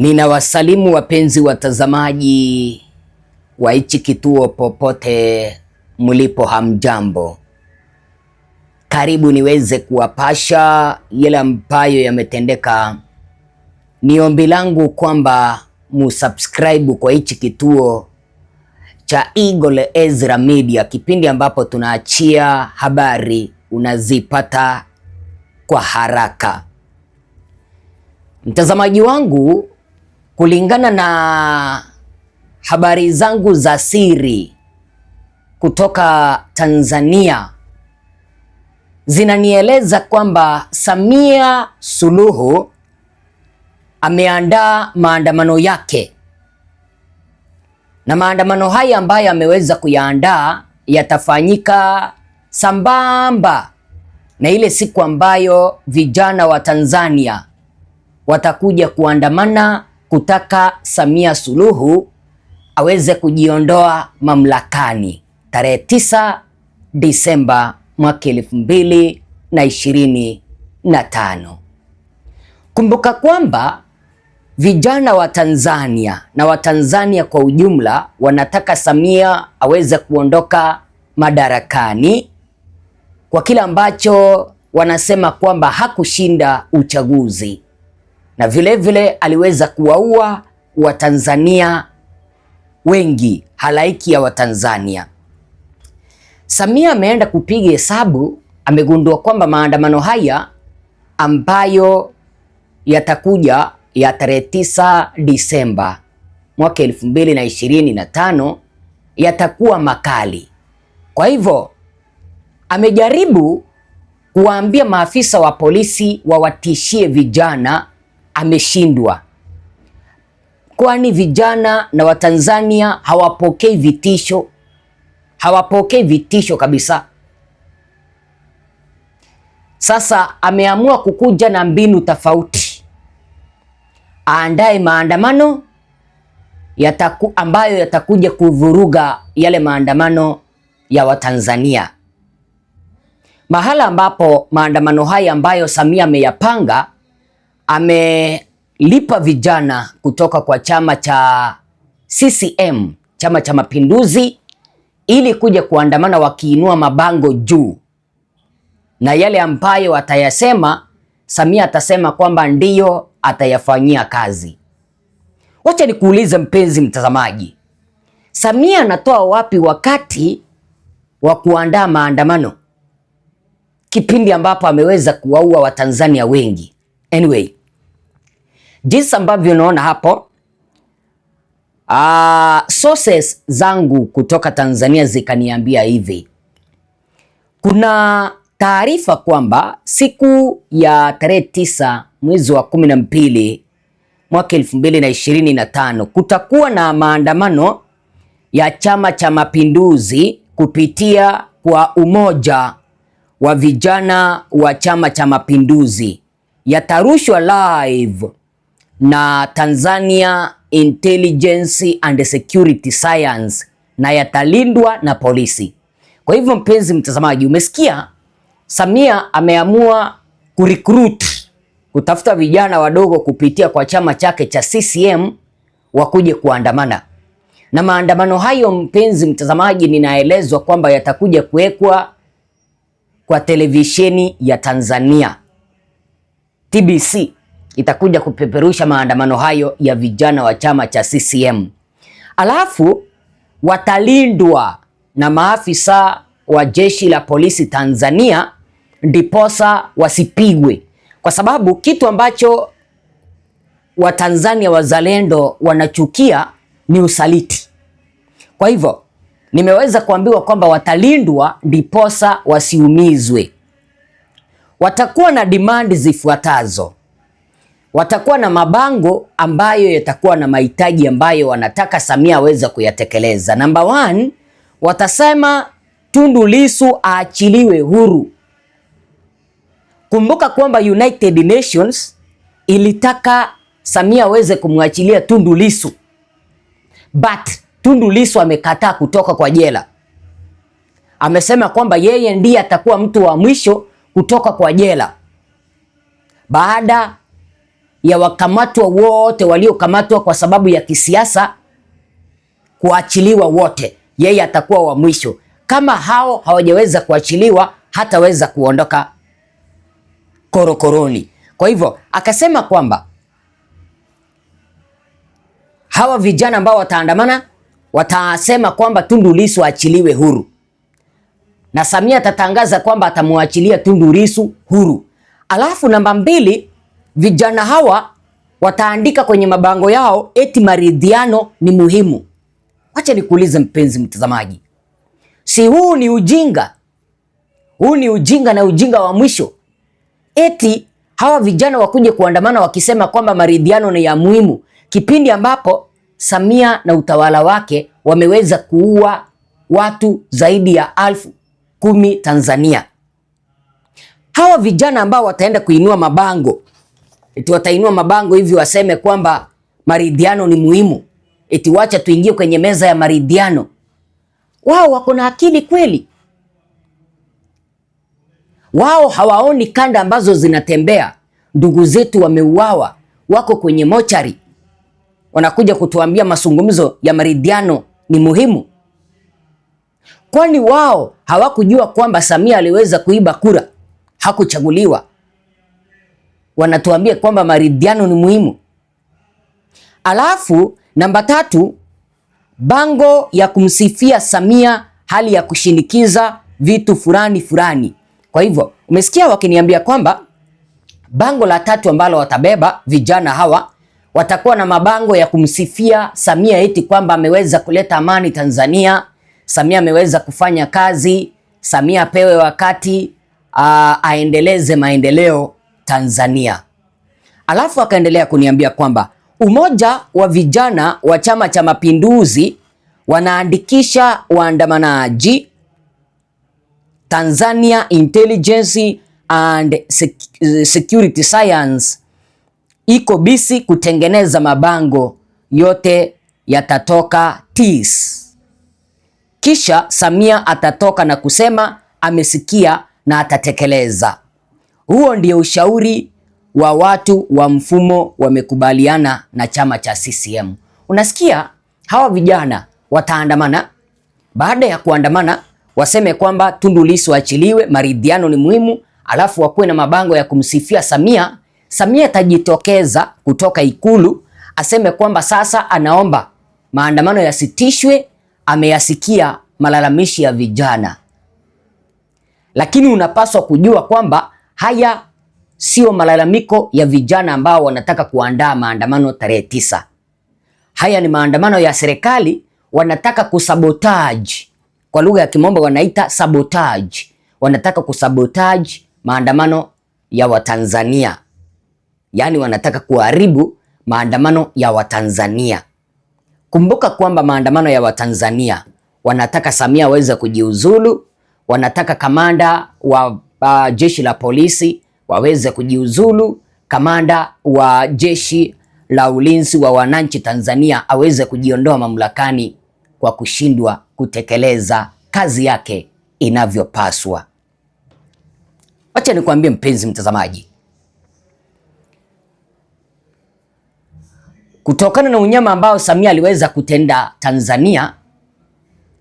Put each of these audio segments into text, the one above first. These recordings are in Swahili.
Ninawasalimu wapenzi watazamaji wa hichi kituo popote mlipo, hamjambo. Karibu niweze kuwapasha yale ambayo yametendeka. Ni ombi langu kwamba musubscribe kwa hichi kituo cha Eagle Ezra Media, kipindi ambapo tunaachia habari unazipata kwa haraka. Mtazamaji wangu kulingana na habari zangu za siri kutoka Tanzania zinanieleza kwamba Samia Suluhu ameandaa maandamano yake, na maandamano haya ambayo ameweza kuyaandaa yatafanyika sambamba na ile siku ambayo vijana wa Tanzania watakuja kuandamana kutaka Samia Suluhu aweze kujiondoa mamlakani tarehe 9 Disemba mwaka elfu mbili na ishirini na tano. Kumbuka kwamba vijana wa Tanzania na Watanzania kwa ujumla wanataka Samia aweze kuondoka madarakani kwa kile ambacho wanasema kwamba hakushinda uchaguzi na vilevile vile aliweza kuwaua Watanzania wengi, halaiki ya Watanzania. Samia ameenda kupiga hesabu, amegundua kwamba maandamano haya ambayo yatakuja ya tarehe 9 Disemba mwaka 2025 yatakuwa makali. Kwa hivyo amejaribu kuwaambia maafisa wa polisi wawatishie vijana ameshindwa, kwani vijana na Watanzania hawapokei vitisho, hawapokei vitisho kabisa. Sasa ameamua kukuja na mbinu tofauti, aandae maandamano yataku, ambayo yatakuja kuvuruga yale maandamano ya Watanzania mahala ambapo maandamano haya ambayo Samia ameyapanga amelipa vijana kutoka kwa chama cha CCM, Chama cha Mapinduzi, ili kuja kuandamana wakiinua mabango juu, na yale ambayo atayasema Samia atasema kwamba ndiyo atayafanyia kazi. Wacha nikuulize mpenzi mtazamaji, Samia anatoa wapi wakati wa kuandaa maandamano kipindi ambapo ameweza kuwaua Watanzania wengi? Anyway, Jinsi ambavyo unaona hapo uh, sources zangu kutoka Tanzania zikaniambia hivi, kuna taarifa kwamba siku ya tarehe tisa mwezi wa kumi na mbili mwaka elfu mbili na ishirini na tano kutakuwa na maandamano ya Chama cha Mapinduzi kupitia kwa umoja wa vijana wa Chama cha Mapinduzi yatarushwa live na Tanzania Intelligence and Security Science na yatalindwa na polisi. Kwa hivyo mpenzi mtazamaji, umesikia Samia ameamua kurecruit kutafuta vijana wadogo kupitia kwa chama chake cha CCM wakuje kuandamana. Na maandamano hayo mpenzi mtazamaji, ninaelezwa kwamba yatakuja kuwekwa kwa televisheni ya Tanzania TBC itakuja kupeperusha maandamano hayo ya vijana wa chama cha CCM. Alafu watalindwa na maafisa wa jeshi la polisi Tanzania ndiposa wasipigwe, kwa sababu kitu ambacho Watanzania wazalendo wanachukia ni usaliti. Kwa hivyo nimeweza kuambiwa kwamba watalindwa ndiposa wasiumizwe. Watakuwa na dimandi zifuatazo watakuwa na mabango ambayo yatakuwa na mahitaji ambayo wanataka Samia aweze kuyatekeleza. Namba one, watasema Tundu Lisu aachiliwe huru. Kumbuka kwamba United Nations ilitaka Samia aweze kumwachilia Tundu Lisu, but Tundu Lisu amekataa kutoka kwa jela. Amesema kwamba yeye ndiye atakuwa mtu wa mwisho kutoka kwa jela baada ya wakamatwa wote waliokamatwa kwa sababu ya kisiasa kuachiliwa wote, yeye atakuwa wa mwisho. Kama hao hawajaweza kuachiliwa, hataweza kuondoka korokoroni. Kwa hivyo akasema kwamba hawa vijana ambao wataandamana watasema kwamba Tundu Lissu aachiliwe huru, na Samia atatangaza kwamba atamwachilia Tundu Lissu huru. Alafu namba mbili vijana hawa wataandika kwenye mabango yao eti maridhiano ni muhimu. Wacha nikuulize mpenzi mtazamaji, si huu ni ujinga? Huu ni ujinga na ujinga wa mwisho. Eti hawa vijana wakuje kuandamana wakisema kwamba maridhiano ni ya muhimu, kipindi ambapo Samia na utawala wake wameweza kuua watu zaidi ya alfu kumi Tanzania. Hawa vijana ambao wataenda kuinua mabango eti watainua mabango hivi waseme kwamba maridhiano ni muhimu, eti wacha tuingie kwenye meza ya maridhiano. Wao wako na akili kweli? Wao hawaoni kanda ambazo zinatembea, ndugu zetu wameuawa, wako kwenye mochari, wanakuja kutuambia mazungumzo ya maridhiano ni muhimu. Kwani wao hawakujua kwamba Samia aliweza kuiba kura, hakuchaguliwa wanatuambia kwamba maridhiano ni muhimu. Alafu namba tatu, bango ya kumsifia Samia, hali ya kushinikiza vitu fulani fulani. Kwa hivyo umesikia wakiniambia kwamba bango la tatu ambalo watabeba vijana hawa watakuwa na mabango ya kumsifia Samia eti kwamba ameweza kuleta amani Tanzania, Samia ameweza kufanya kazi, Samia apewe wakati, a, aendeleze maendeleo Tanzania. Alafu akaendelea kuniambia kwamba umoja wa vijana wa Chama cha Mapinduzi wanaandikisha waandamanaji Tanzania Intelligence and Security Science iko bisi kutengeneza mabango yote yatatoka TIS. Kisha Samia atatoka na kusema amesikia na atatekeleza. Huo ndio ushauri wa watu wa mfumo wamekubaliana na chama cha CCM. Unasikia hawa vijana wataandamana, baada ya kuandamana waseme kwamba Tundu Lissu achiliwe, maridhiano ni muhimu, alafu wakuwe na mabango ya kumsifia Samia. Samia atajitokeza kutoka Ikulu aseme kwamba sasa anaomba maandamano yasitishwe, ameyasikia malalamishi ya vijana. Lakini unapaswa kujua kwamba Haya sio malalamiko ya vijana ambao wanataka kuandaa maandamano tarehe tisa. Haya ni maandamano ya serikali, wanataka kusabotage. Kwa lugha ya kimombo wanaita sabotage, wanataka kusabotage maandamano ya Watanzania, yaani wanataka kuharibu maandamano ya Watanzania. Kumbuka kwamba maandamano ya Watanzania wanataka Samia aweze kujiuzulu, wanataka kamanda wa uh, jeshi la polisi waweze kujiuzulu, kamanda wa jeshi la ulinzi wa wananchi Tanzania aweze kujiondoa mamlakani kwa kushindwa kutekeleza kazi yake inavyopaswa. Acha nikwambie mpenzi mtazamaji, kutokana na unyama ambao Samia aliweza kutenda Tanzania,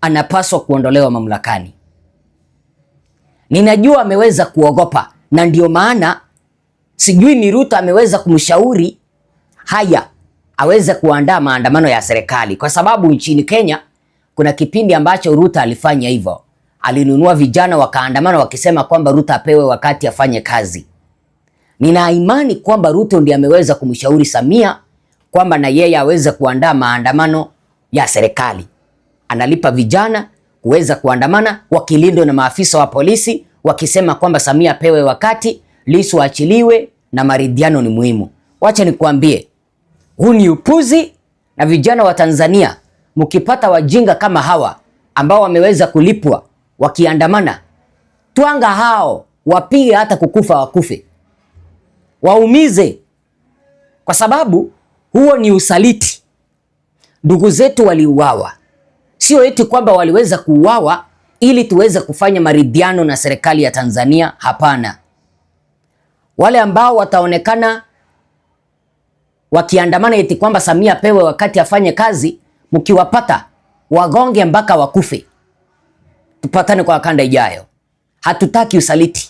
anapaswa kuondolewa mamlakani. Ninajua ameweza kuogopa na ndio maana sijui ni Ruto ameweza kumshauri haya aweze kuandaa maandamano ya serikali, kwa sababu nchini Kenya kuna kipindi ambacho Ruto alifanya hivyo, alinunua vijana wakaandamana wakisema kwamba Ruto apewe wakati afanye kazi. Nina imani kwamba Ruto ndiye ameweza kumshauri Samia kwamba na yeye aweze kuandaa maandamano ya serikali, analipa vijana kuweza kuandamana wakilindwa na maafisa wa polisi wakisema kwamba Samia apewe wakati, Lissu aachiliwe na maridhiano ni muhimu. Wacha nikuambie, huu ni upuzi, na vijana wa Tanzania mkipata wajinga kama hawa ambao wameweza kulipwa wakiandamana, twanga hao, wapige hata kukufa wakufe, waumize, kwa sababu huo ni usaliti. Ndugu zetu waliuawa Sio eti kwamba waliweza kuuawa ili tuweze kufanya maridhiano na serikali ya Tanzania. Hapana, wale ambao wataonekana wakiandamana eti kwamba Samia pewe wakati afanye kazi, mkiwapata wagonge mpaka wakufe. Tupatane kwa kanda ijayo. Hatutaki usaliti.